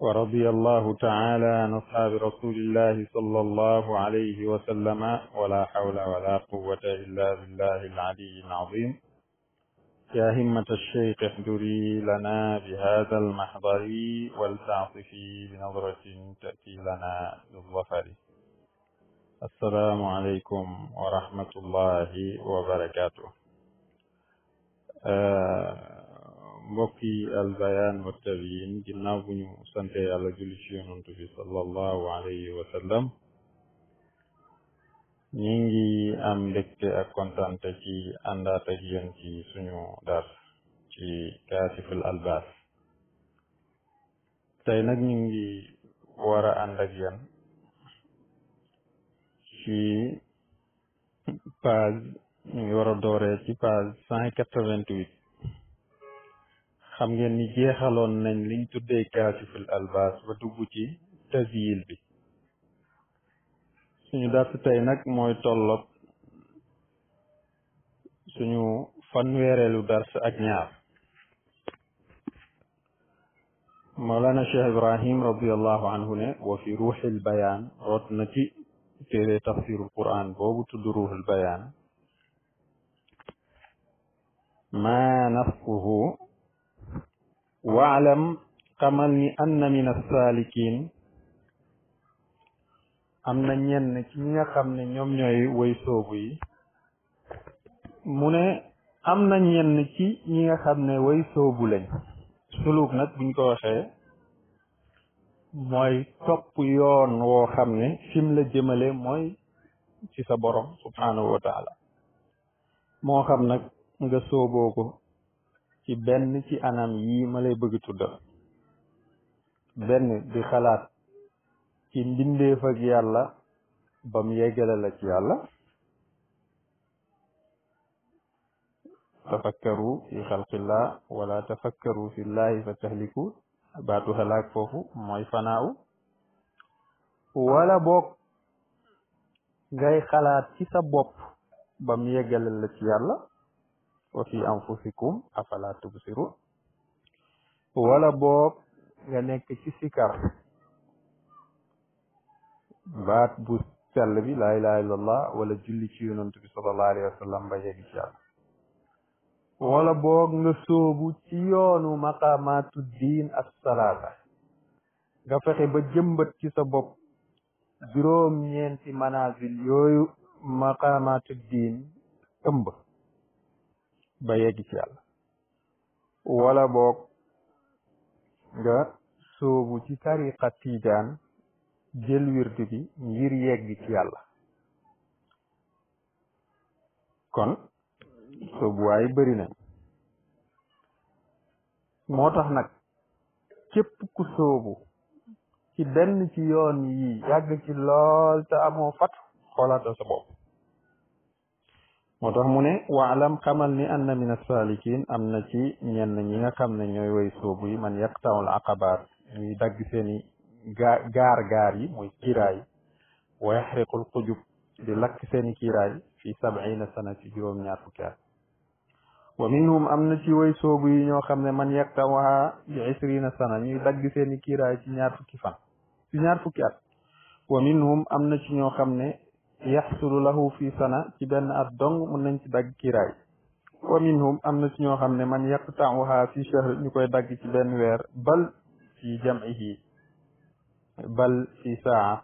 ورضي الله تعالى عن أصحاب رسول الله صلى الله عليه وسلم ولا حول ولا قوة إلا بالله العلي العظيم يا همة الشيخ احضري لنا بهذا المحضر والتعطفي بنظرة تأتي لنا بالظفر السلام عليكم ورحمة الله وبركاته آه، mbokki al bayaan wa tabyin ginnaaw bu sante yàlla julli ci yonantu bi sallallahu alayhi wa sallam ñu ngi am mbégte ak kontaante ci àndaat ak yéen ci suñu dar ci kaasiful albaas tey nag ñu ngi war a ànd ci page ñu ngi war a dooree ci page cent xam ngeen ni jeexaloon nañ liñ tuddee kaasiful albas ba dugg ci tasyil bi suñu dàtt tey nag mooy tolloog suñu fanweereelu dars ak ñaar Mawlana Cheikh Ibrahim radiallahu fi ruuxil bayaan root na ci téere tafsirul quran boobu tudd ruuxul bayaan maa nafquhu waalam xamal ni anna min assaalikiin am na ñenn ci ñi nga xam ne ñoom ñooy woy soobu yi mu ne am na ñenn ci ñi nga xam ne woy soobu lañ suluk nag buñ ko waxee mooy topp yoon woo xam ne fim la jëmale mooy ci sa borom subhaanahu wa moo xam nag nga sooboo ko ci benn ci anam yii ma lay bëgg tuddal benn di xalaat ci mbindeef ak yàlla ba mu yeggale la ci yàlla tafakkaru fi xalqillah wala tafakkaru fi llahi fa tahliku baatu xalaak foofu mooy fanaaw wala boog ngay xalaat ci sa bopp ba mu yeggale la ci yàlla wa fi anfusikum afala tubsirun wala boob nga nekk ci sikar baat bu sell bi laa ilaha illallah wala julli ci yonent bi sallallahu alayhi wa wala boog nga sóobu ci yoonu maqaamaatu diin ak salaata nga fexe ba jëmbat ci sa bopp juróom-ñeenti manazil yooyu maqaamaatu diin ëmb ba yegg ci yàlla ah. wala boog nga soobu ci tariqa tiijaan jël wirdu bi ngir yegg ci yàlla kon soobuwaay bëri na moo tax nag képp ku soobu ci benn ci yoon yi yàgg ci lool te amoo fat xoolaatal sa bopp moo tax mu ne waalam xamal ni anna min asalikin am na ci ñenn ñi nga xam ne ñooy woy soobu yi man yaqtawul aqabaat ñuy dagg seeni gaa gaar gaar yi mooy kiiraay wa yaxriqul xujub di lakk seeni kiiraay fi sabina sana ci juróom ñaar fukki at wa minhum am na ci woy soobu yi ñoo xam ne man yaqtawaha bi isrina sana ñuy dagg seeni kiiraay ñaar fukki fan ci ñaar fukki at wa minhum am na ci ñoo xam ne yaxsulu lahu fi sana ci benn at dong mën nañ ci dagg kiiraay wa minhum am na ci ñoo xam ne man yaqta'uha fi shahr ñu koy dagg ci benn weer bal fi jam'ihi bal fi saa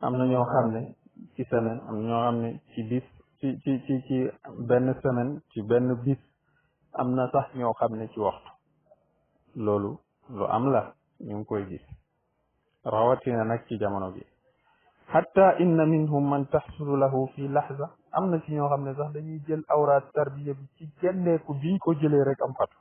am na ñoo xam ne ci semaine am ñoo xam ne ci bis ci ci ci ci benn semaine ci benn bis am na sax ñoo xam ne ci waxtu loolu lu am la ñu ngi koy gis rawatina nag ci jamono bi hatta inna minhum man tahsulu lahu fi lahza am na ci ñoo xam ne sax dañuy jël awraat tarbiya bi ci genneeku biñ ko jëlee rek am fatu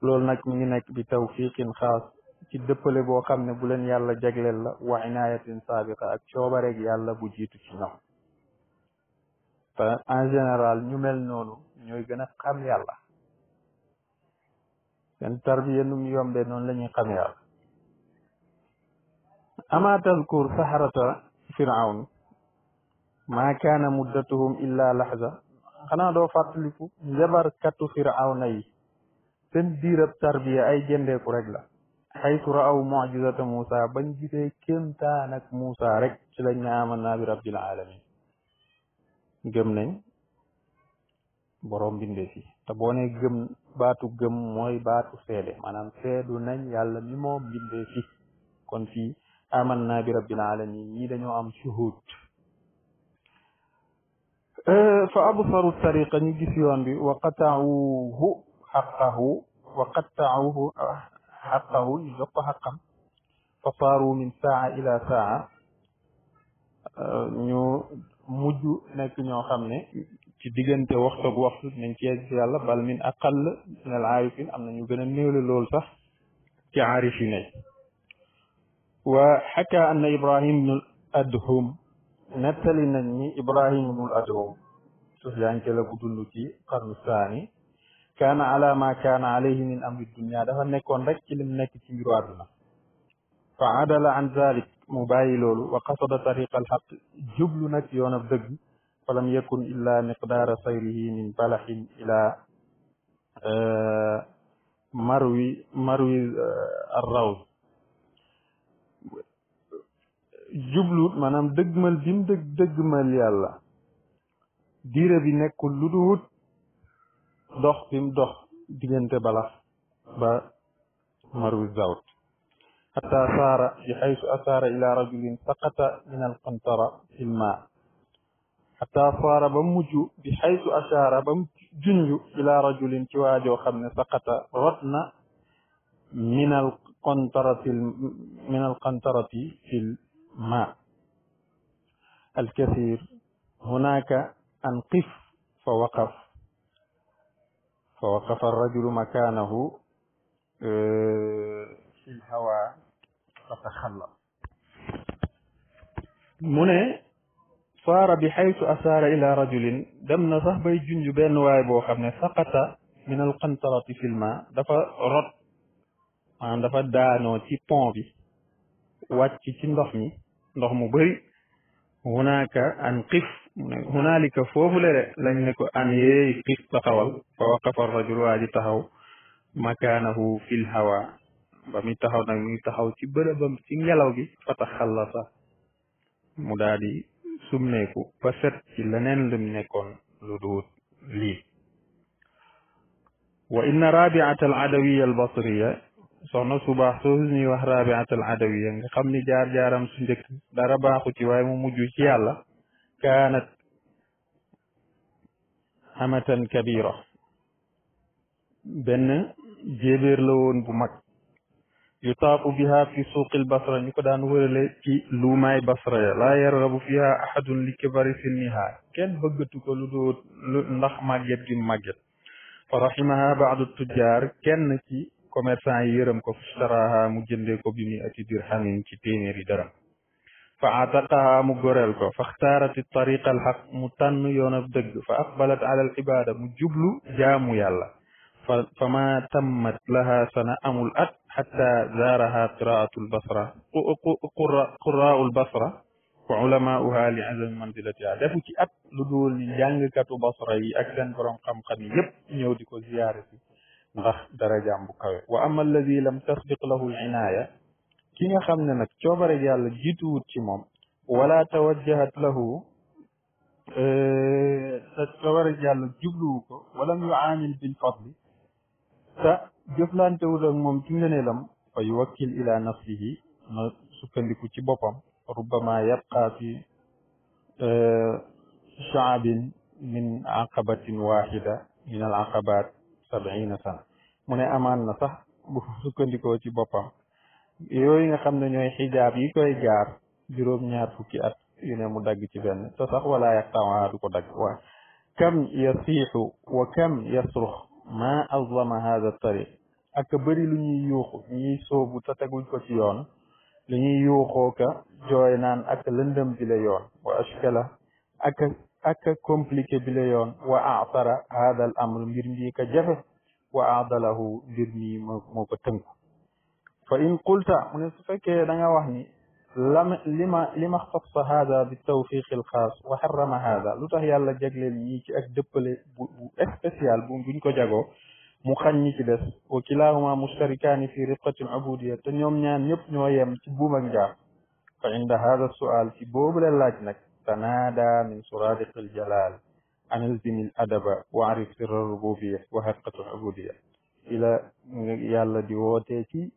loolu nag mu ngi nekk bi tawfiqin xaas ci dëppale boo xam ne bu leen yàlla jagleel la wa inaayatin saabiqa ak coobareeg yàlla bu jiitu ci ñoom te en général ñu mel noonu ñooy gën a xam yàlla seen tarbiya nu mu yombee noonu la ñuy xam yàlla ama tazkur saharata firawn maa kaana muddatuhum illa lahza xanaa doo fàttaliku njabarkatu firawna yi seen diirab tarbiya ay jëndeeku rek xaytu ra'aw mujizata Muusa bañ gisee kéemtaan ak Muusa rek ci lañ bi rabbil alamin gëm nañ boroom bindeef yi te boo ne baatu gëm mooy baatu seede maanaam seedu nañ yàlla mi moom bindeef yi kon fii آمنا برب العالمين نيدانيو أم شهود فأبصروا الطريق نيجي وقطعوه حقه وقطعوه حقه يزق حقا فصاروا من ساعة إلى ساعة نيو مجو نكي نيو خمني ci digënté waxtu ak waxtu nañ ci yegg وحكى أن إبراهيم بن الأدهم نتلنا إبراهيم بن الأدهم سهلان كلا بدلوكي قرن الثاني كان على ما كان عليه من أمر الدنيا ده نكون رك لم نكتم فعدل عن ذلك مبايل وقصد طريق الحق جبلنا نتيون الدق فلم يكن إلا مقدار سيره من بلح إلى آه، مروي مروي آه، الروض jublu maanaam dëggmal bi mu dëgg dëggmal yàlla diire bi nekkul lu duut dox bi mu dox diggante balaf ba marwi zawt xata saara bi xaytu asaara ila rajulin saqata min alqantara fi lma xata saara ba mujj bi xaytu asaara ba junju ila rajulin ci waajoo xam ne saqata rot min alqantarati min alqantarati ما الكثير هناك أن قف فوقف فوقف الرجل مكانه آه، في الهواء فتخلص من صار بحيث أسار إلى رجل دمنا صحبي جنج بين واي سقط من القنطرة في الماء دفع رد دفا دانو تي بون بي واتي تي ndox mu bëri hunaka an qif hunalika foofu le de lañ ne ko an yeey qif taxawal fa waqafa rajul waa ji taxaw makaanahu fil hawa ba muy taxaw nag muy taxaw ci bërëbam ci ngelaw gi fataxallasa mu daal di sumneeku ba set ci leneen lum nekkoon lu duut lii wa inna rabiata al adawiya al basriya soxna suba soosuñuy wax rabi'at al adawiya nga xamni jaar-jaaram su ndek dara baxu ci way mu muju ci yàlla kanat amatan kabira ben jeber la won bu mag yutaafu biha fi suq al basra ni ko daan wërale ci luumaay basra la yarabu fiha ahadun li fi sinniha ken beugatu ko lu doo ndax màgget gi màgget فرحمها بعض التجار كان kenn commerçant yi yërëm ko fastaraha mu jënde ko bi mi ati dirhamin ci téméri dara fa ataqaha mu gorel ko fa xtaarati tariqa alxaq mu tànn yoonab deug fa aqbalat ala al ibada mu jublu jaamu yàlla fa ma tammat laha sana amul at hatta zaraha qira'at al-basra lbasra al-basra wa ulama'uha li azami manzilatiha defu ci at lu dul ni njàngkatu basra yi ak seen borom xam-xam yep ñëw diko ko ziyaare ndax darajaam bu kawe wa ama alladi lam tasbiq lahu linaaya ki nga xam ne nag coobare yàlla jiituwut ci moom wala tawajjahat lahu sa coobare yàlla jubluwu ko walam yuaamil bil fadli sa jëflantewut ak moom ci ngëneelam fa yuwakkil ila nafsihi na sukkandiku ci boppam ربما يبقى في شعب من عقبة واحدة من العقبات sabiina sana mu ne amaan na sax bu sukkandikoo ci boppam yooyu nga xam ne ñooy xijaab yi koy gaar juróom-ñaar fukki at yu ne mu dagg ci benn te sax wala yaqtawa du ko dagg waaye kam yasiixu wa kam yasrux ma azlama hada tariq ak bëri lu ñuy yuuxu ñuy sóobu te teguñ ko ci yoon li ñuy yuuxoo ka jooy naan ak lëndëm bi la yoon wa ashkala ak ak compliqué bi la yoon wa aatara hada al amr mbir mbii ka jafe wa aadalahu mbir mii moo ko tënku fa in qulta mu ne su fekkee da nga wax ni lama lima lima xtasa hada bi tawfiqi al xaas wa xarama hada lu tax yàlla jagleel ñii ci ak dëppale bu bu spécial bu buñ ko jagoo mu xañ ñi ci des wa kilahuma mustarikaani fi rifqati al ubudiya te ñoom ñaan ñëpp ñoo yem ci buum ak njaam fa inda hada sual ci boobu la laaj nag تنادى من سرادق الجلال أن ألزم الأدب وأعرف سر الربوبية وحقة العبودية إلى يالا دي ووتيتي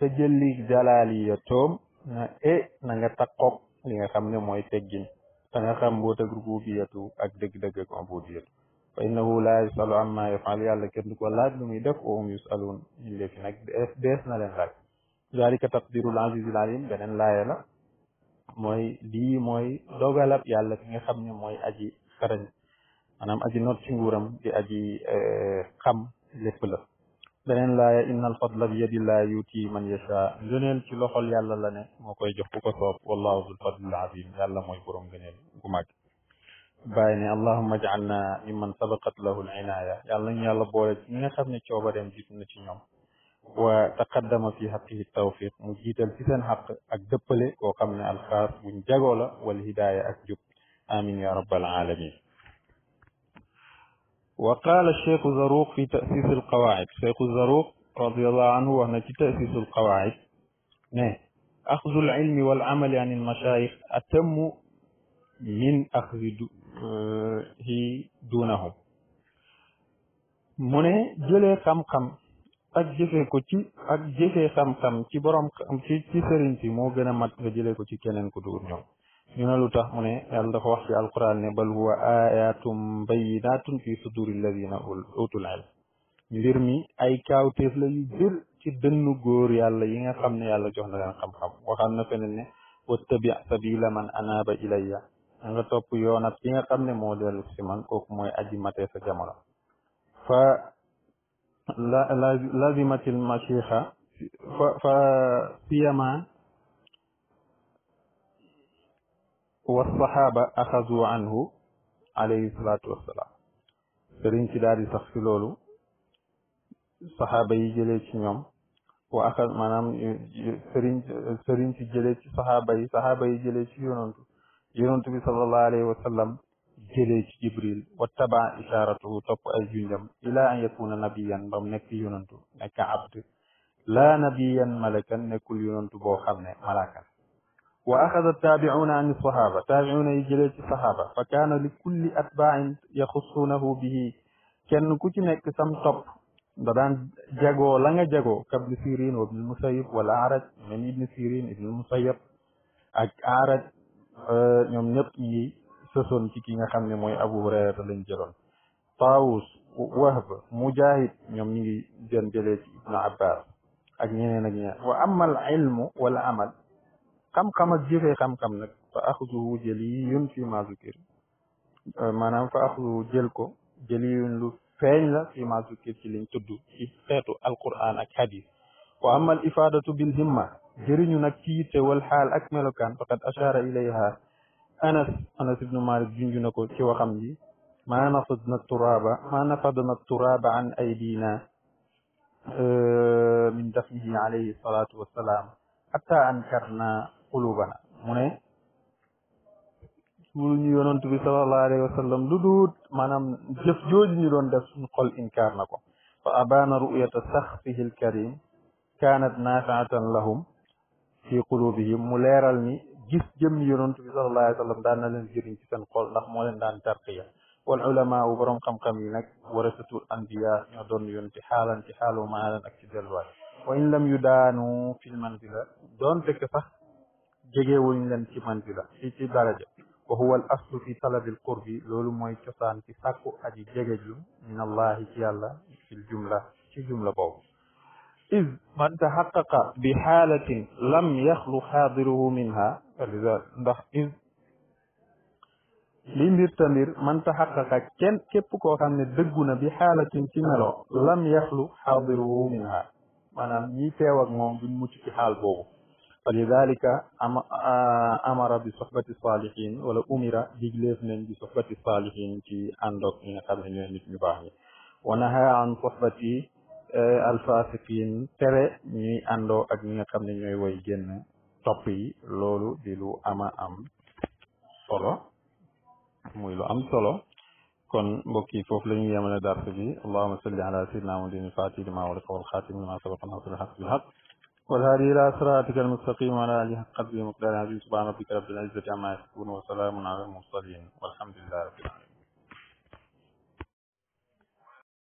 تجلي جلالي يتوم إيه نغا تقوك لغا خمنا موي تجين تنغا خم بوتك ربوبيته أك دك دك عبوديته فإنه لا يسأل عما يفعل يالا كندك ولا دمي دك وهم يسألون اللي في نك ديس نالين لك ذلك تقدير العزيز العليم بنن لا يلا mooy lii mooy dogalab yàlla ki nga xam ne mooy aji xarañ maanaam aji not ci nguuram di aji eh, xam lépp la beneen laaya inna al fadla bi yadillah yuti man yasha ngëneel ci loxol yàlla la ne moo koy jox ko soob wallahu dul fadlil azim yàlla mooy borom ngëneel bu màgg bàyyi ne allahumma jaalna mimman sabaqat lahu al inaya yàlla ñu yàlla boole ci nga xam ne coobareem jiitu na ci ñoom وتقدم في حقه التوفيق مجيدا تسن حق أكدبل وقمنا الخاص من جغول والهداية أكجب آمين يا رب العالمين وقال الشيخ زروق في تأسيس القواعد الشيخ زروق رضي الله عنه وهنا في تأسيس القواعد نه أخذ العلم والعمل عن يعني المشايخ أتم من أخذه آه، دونهم من جل خم خم ak jëfee ko ci ak jëfee xam-xam ci borom ci ci sëriñ si moo gën a mat nga jëlee ko ci keneen ku duur ñoom ñu na lu tax mu ne yàlla dafa wax ci alquran ne bal huwa ayatum bayinatun fi suduri alladina utul ilm mbir mi ay kaawteef la yu jël ci dënnu góor yàlla yi nga xam ne yàlla jox na leen xam-xam waxaan na feneen ne wattabi sabila man anaaba ilayya nga topp yoonab ki nga xam ne moo dellu si man kooku mooy aji matee sa jamono fa لازمة المشيخة فسيما والصحابة أخذوا عنه عليه الصلاة والسلام فرنك داري صحفي صحابة يجليك نيوم وأخذ منام فرنك جليك صحابة صحابة يجليك يونانتو يونانتو صلى الله عليه وسلم جليج جبريل واتبع إشارته طب أجنجم إلى أن يكون نبيا بم نك يوننتو نك عبد لا نبيا ملكا نك يوننتو بو خمنا ملكا وأخذ التابعون عن الصحابة تابعون جليج الصحابة فكان لكل أتباع يخصونه به كان كتي نك سم طب دادان جاغو لانا جاغو كابن سيرين وابن المسيب والأعرج من ابن سيرين ابن المسيب أك أعرج sësoon ci ki nga xam ne mooy abu hurayra lañ jëloon taawus wahb mujahid ñoom ñi ngi den jëlee ci ibnu abbas ak ñeneen ak ñeneen wa ama al ilmu wala amal xam-xam ak jëfee xam-xam nag fa axuduhu jëliyun fi ma zukir maanaam fa axuduhu jël ko jëliyun lu feeñ la fi ma zukir ci liñ tudd ci xeetu alquran ak hadis wa ama al ifadatu bil himma jëriñu nag ci yitte wal xaal ak melokaan faqad ashara ilayha انس انس بن مالك جنجو نكو سي وخام ما نفضنا التراب ما نفضنا التراب عن ايدينا من دفنه عليه الصلاة والسلام حتى أنكرنا قلوبنا من سولني يونان تبي صلى الله عليه وسلم لدود ما نم جف جوج نيرون دفن قل إنكارنا فأبان رؤية سخفه الكريم كانت نافعة لهم في قلوبهم مليرا gis jëm yonent bi sallallahu alayhi wa sallam daan na leen jëriñ ci seen xol ndax moo leen daan tarqiya wal ulama wu borom xam-xam yi nag warasatul anbiya ñoo doon yonti xaalan ci xaalu maalan ak ci delluwaay wa in lam yu daanu fil manzila doon dëkk sax jege wuñ leen ci manzila ci ci daraja wa huwa al aslu fi al qurbi loolu mooy cosaan ci sàkku aji jege ju min allahi ci yàlla fil jumla ci jumla boobu iz man taxaqaqa bi xaalatin lam yaxlu xaadiruhu minha falidalik ndax iz li mbir ta mbir man taxaqaqa kenn képp koo xam ne dëggu na bi xaalatin ci melo lam yaxlu xaadiruhu minha maanaam ñi teew ak moom duñ mucc ci xaal boobu falidalika ama ah, amara bi sohbati salihin wala umira digleef nañ bi sohbati salihin ci àndoog ñi nga xam ne ñooy nit ñu baax ñi wa naha an sohbati alfasiqin tere ñuy àndoo ak ñi nga xam ne ñooy woy génn topp yi loolu di lu ama am solo muy lu am solo kon mbokk yi foofu la ñuy yemale dars bi allahuma salli ala sayyidina muhammadin fatih lima walaqa walxatim lima sabaqa nasr alhaq bilhaq والهادي إلى صراطك المستقيم وعلى آله حق قدره ومقداره عظيم سبحان ربك رب العزة عما يصفون وسلام على المرسلين والحمد لله رب العالمين